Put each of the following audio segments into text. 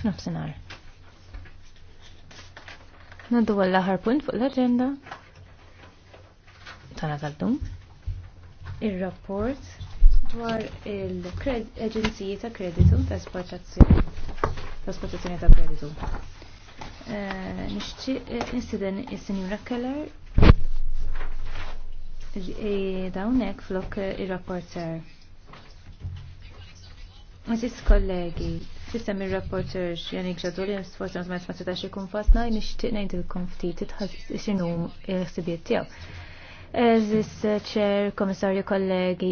f'nofsinhar. Naddu għall aħħar punt fuq l-agenda tana tal-dum. Il-rapport dwar il-Aġenziji ta' Kreditu ta' Esportazzjoni ta' Esportazzjoni ta' Kreditu. Eh, nixtieq eh, nistiden is-Sinjura Keller eh, dawnek flok il ser. Mrs. kollegi, Fissem il-reporter Janik Ġadoli, sfortunatament ma setax ikun fasna, nixtieq ngħidilkom ftit x'inhu l-ħsibiet tiegħu. Eżis ċer, komissarju kollegi,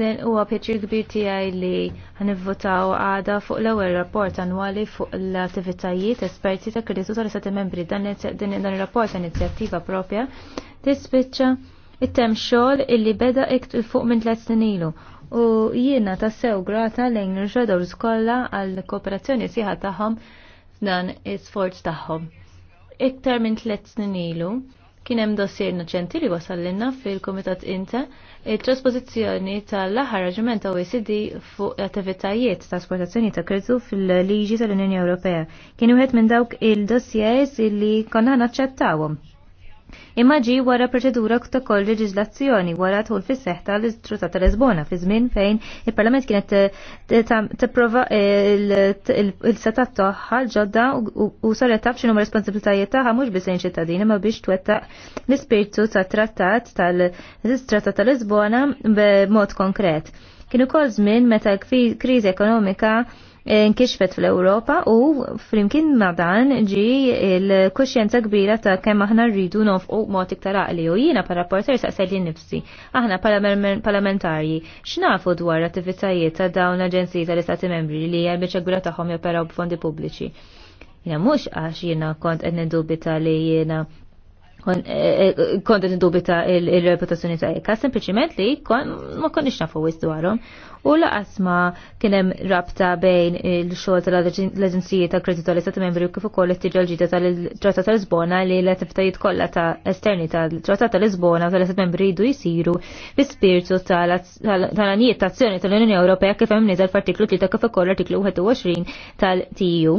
den huwa pjaċir kbir tiegħi li ħnivvotaw għada fuq l-ewwel rapport annwali fuq l-attivitajiet esperti ta' kreditu tal sati Membri dan ir-rapport inizjattiva propja tispiċċa it-tem xogħol illi beda ikt il fuq minn tliet snin ilu. U jiena tassew grata lejn ir-Shadows kollha għall kooperazzjoni sieħa tagħhom f'dan is-sforz tagħhom. Iktar minn tliet snin ilu, kien hemm dossier innoċenti li wasallinna fil-Kumitat Inta il trasposizzjoni tal-aħħar raġument ta' OECD fuq attivitajiet ta' Sportazzjoni ta' kreditu fil-liġi tal-Unjoni Ewropea. Kien wieħed minn dawk il-dossiers li konna naċċettawhom. Imma ġi wara proċedura ta' kol wara tħul fis seħta l istruta ta' Lisbona fi żmien fejn il-Parlament kienet tipprova il-setat tagħha ġodda u saret taf x'inhu responsabbiltajiet tagħha mhux biss lejn ċittadini ma biex twettaq l-ispirtu tat-trattat tal-Istruttat ta' Lisbona b'mod konkret. Kien ukoll żmien meta kriżi ekonomika Eh, nkixfet fl-Ewropa u flimkien ma' dan ġi il-kuxjenza kbira ta' kemm aħna rridu nofqu mod iktar għaqli u jiena pa' rapporter saqsel nifsi. Aħna parlamentarji x'nafu dwar attivitajiet ta' dawn l-aġenziji tal-Istati Membri li hija biċċegura tagħhom joperaw b'fondi pubbliċi. Jena mux għax jena kont għedni dubita li jena Eh, eh, kontet indubita il-reputazzjoni tajka, sempliciment li ma konniex nafu wis dwarhom. U laqas ma kienem rabta bejn il-xogħol tal-Aġenziji ta' Kreditori ta' Membri u kif ukoll it-tirġel ġdida tal-Trattat tal-Lisbona li l-attivitajiet kollha ta' esterni tal-Trattat tal-Lisbona u tal-Istat Membri jdu jsiru fl-ispirtu tal-anijiet ta' azzjoni tal-Unjoni Ewropea kif hemm niżel f'artiklu 3 kif ukoll artiklu 21 tal-TU.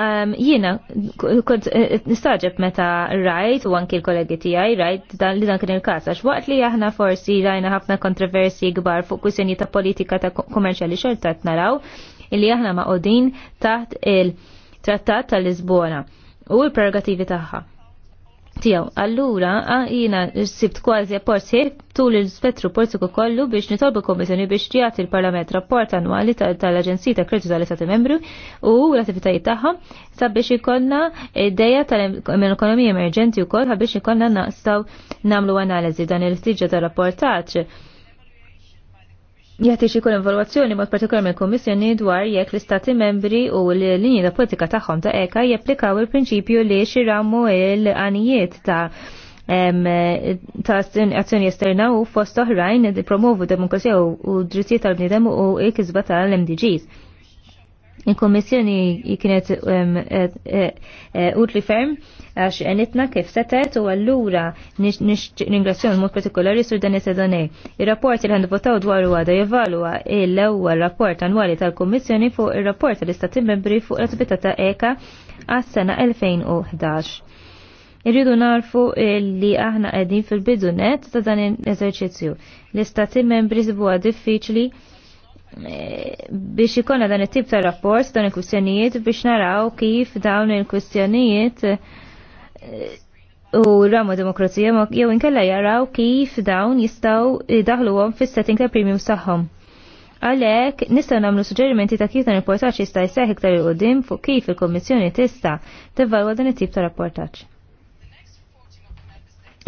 Ehm, jiena kont eh, eh, nistaġeb meta rajt u anki l-kollegi tiegħi rajt li dan kien il-każ għax waqt li aħna forsi rajna ħafna kontroversi kbar fuq kusjoni ta' politika ta' kummerċjali xorta naraw illi aħna ma' odin taħt il-Trattat tal-Lisbona u l-prerogativi tagħha tijaw. Allura, jina sibt kważi apporti tul il-spettru portiku kollu biex nitolbu kommissjoni biex tijat il-parlament rapport annuali tal-Aġenzija ta' Kredit tal-Istati Membru u l-attivitajiet tagħha sabiex ikollna ideja tal-ekonomija emerġenti u kol biex ikonna naqstaw namlu analizi dan il-ħtiġa tal-rapportaċ jagħti xie kol evalwazzjoni mod partikolar mill-Kummissjoni dwar jekk l-Istati membri u l-linji ta' politika tagħhom ta' eka japplikaw il-prinċipju li xirammu l-għanijiet ta' ta' azzjoni esterna u fost oħrajn promovu demokrazija u drittijiet tal-bniedem u l tal-MDGs. Il-Kommissjoni kienet e, e, e, utli ferm għax enitna kif setet u għallura ningrazzjon mod partikolari sur dan is-sedonej. Ir-rapport li votaw dwar u għada jevalwa l-ewwel rapport annwali tal-Kommissjoni fuq ir-rapport tal-Istati Membri fuq l-attività ta' EKA għas-sena 2011. Irridu narfu li aħna qegħdin fil-bidunet ta' dan l-eżerċizzju. L-istati membri sibuha diffiċli biex ikonna dan it-tip ta' rapport dan il-kwistjonijiet biex naraw kif dawn il-kwistjonijiet eh, u ramu demokrazija jew inkella jaraw kif dawn jistaw daħluhom fis-setting ta' premium tagħhom. Għalhekk nistgħu nagħmlu suġġerimenti ta' kif dan il portaċ jista' jseħħ iktar il-qudiem fuq kif il-Kommissjoni tista' tevalwa dan it-tip ta' rapportaġġ.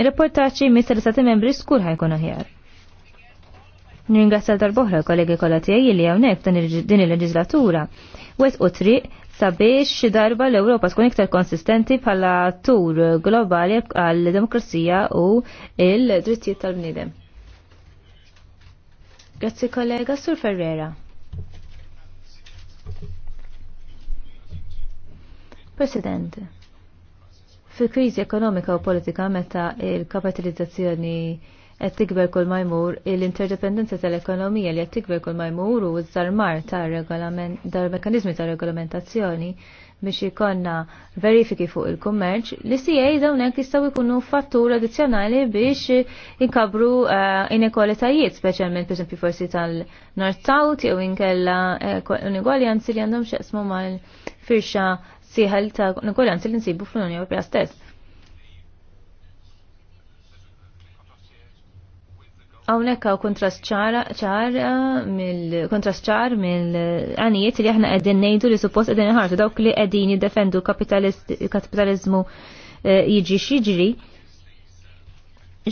Il-rapportaġġ jmiss li sa' membri skur ħajkun aħjar l darbohra kollegi kollha tiegħi li hawnhekk din il-leġislatura. Wet u triq sabiex darba l-Ewropa tkun iktar konsistenti bħala tur globali għal demokrazija u il-drittijiet tal-bniedem. Grazzi kollega Sur Ferrera. President, fil kriżi ekonomika u politika meta il-kapitalizzazzjoni qed tikber kull ma jmur l-interdependenza tal-ekonomija li qed tikber kull ma u żarmar tar-regolament tal mekkaniżmi tar-regolamentazzjoni biex ikonna verifiki fuq il-kummerċ, li si CA dawnek jistgħu jkunu fattur addizjonali biex inkabru uh, eh, inekolitajiet, specialment per forsi tal-North South jew inkella eh, unigwaljanzi li għandhom xeqsmu mal-firxa siħel ta' unigwaljanzi li nsibu fl-Unjoni Ewropea stess. Hawnhekk hawn kontrast ċar eh, mill-għanijiet eh, li aħna qegħdin ngħidu li suppost qegħdin ħarġu dawk li qegħdin jiddefendu kapitalizmu eh, jiġi xiġri.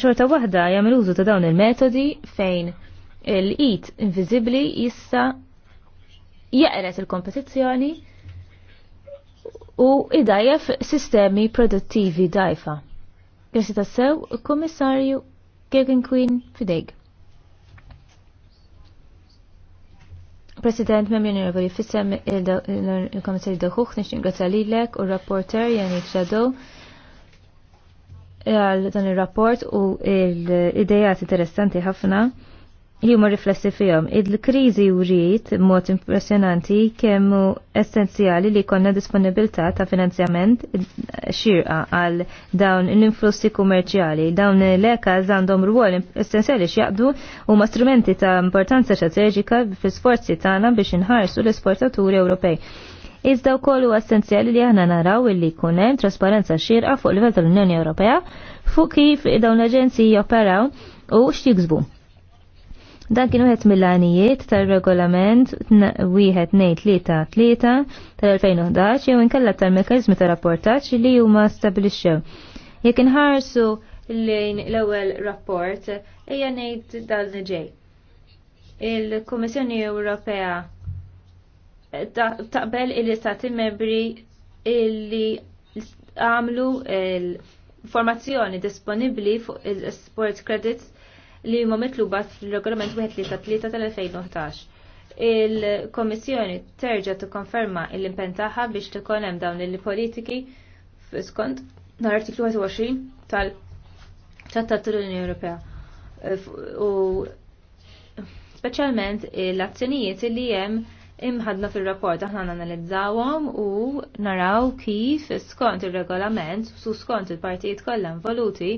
Xorta waħda jagħmel użu ta' dawn il-metodi fejn l it inviżibbli jissa jaqret il-kompetizzjoni u idajjef sistemi produttivi dajfa. Grazzi tassew, kummissarju Gilgan Queen fidejk. President, mem Nervo jifissem il-komissarju daħuħ, nix ringrazzja lilek u rapporter Janik Shadow għal dan il-rapport u l-idejat interessanti ħafna li huma riflessi fihom. Il-kriżi wrid mod impressjonanti kemm essenzjali li konna disponibilità ta' finanzjament xirqa għal dawn l-influssi kummerċjali. Dawn l-eka għandhom rwol essenzjali x'jaqdu huma strumenti ta' importanza strateġika fl-sforzi tagħna biex inħarsu l-esportaturi Ewropej. Iżda wkoll huwa essenzjali li aħna naraw illi jkun hemm trasparenza xirqa fuq livell tal-Unjoni Ewropea fuq kif dawn l-aġenziji joperaw u x'jiksbu Dan kien wieħed mill-għanijiet tal-regolament wieħed ngħid tlieta tlieta tal-2011 jew inkella tal mekanizmi tal rapportaġġ li huma stabilixxew. Jekk inħarsu lejn l-ewwel rapport ejja ngħid dan ġej. Il-Kummissjoni Ewropea taqbel il-istati membri illi għamlu il-formazzjoni disponibli fuq il-sports credits li huma mitluba fil-regolament 133 tal-2011. Il-Komissjoni terġa tikkonferma l-impenn tagħha biex tikun hemm dawn il-politiki skont l-artiklu 21 tal-Trattat tal-Unjoni Ewropea. U speċjalment l-azzjonijiet li hemm imħadna fil-rapport aħna nanalizzawhom u naraw kif skont ir-regolament su skont il-partijiet kollha involuti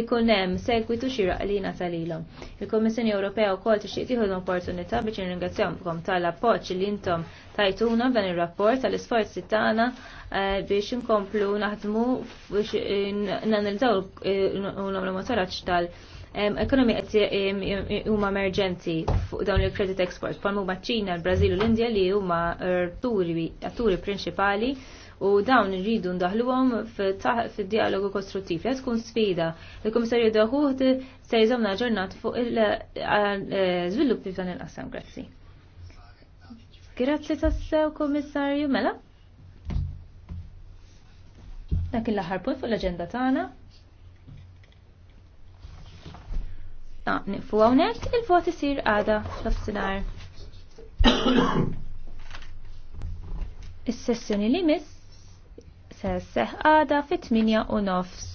ikun hemm segwitu xi raqlina tal-ilhom. Il-Kummissjoni Ewropea wkoll tixtieq tieħu l-opportunità biex nirringrazzjawkom tal-appoġġ li intom tajtuna dan ir-rapport tal-isforzi tagħna eh, biex inkomplu naħdmu biex nanilżaw l eh, nagħmlu motoraġġ tal- ekonomi qed huma emerġenti fuq dawn il-credit export palmu maċċina ċ-Ċina, l-Brażil u l-Indja li huma atturi prinċipali u dawn irridu ndaħluhom fid-dialogu kostruttiv. Qed tkun sfida. Il-Kummissarju Daħuħt se jżomna ġurnat fuq il-żviluppi eh, f'dan il-qasam. Grazzi. Grazzi tassew, Komissarju, mela? Dak il-laħar punt fuq l-agenda tagħna. Ta' nifu hawnhekk il-vot isir għada fl Is-sessjoni li miss se seħ għada fit-8 u nofs.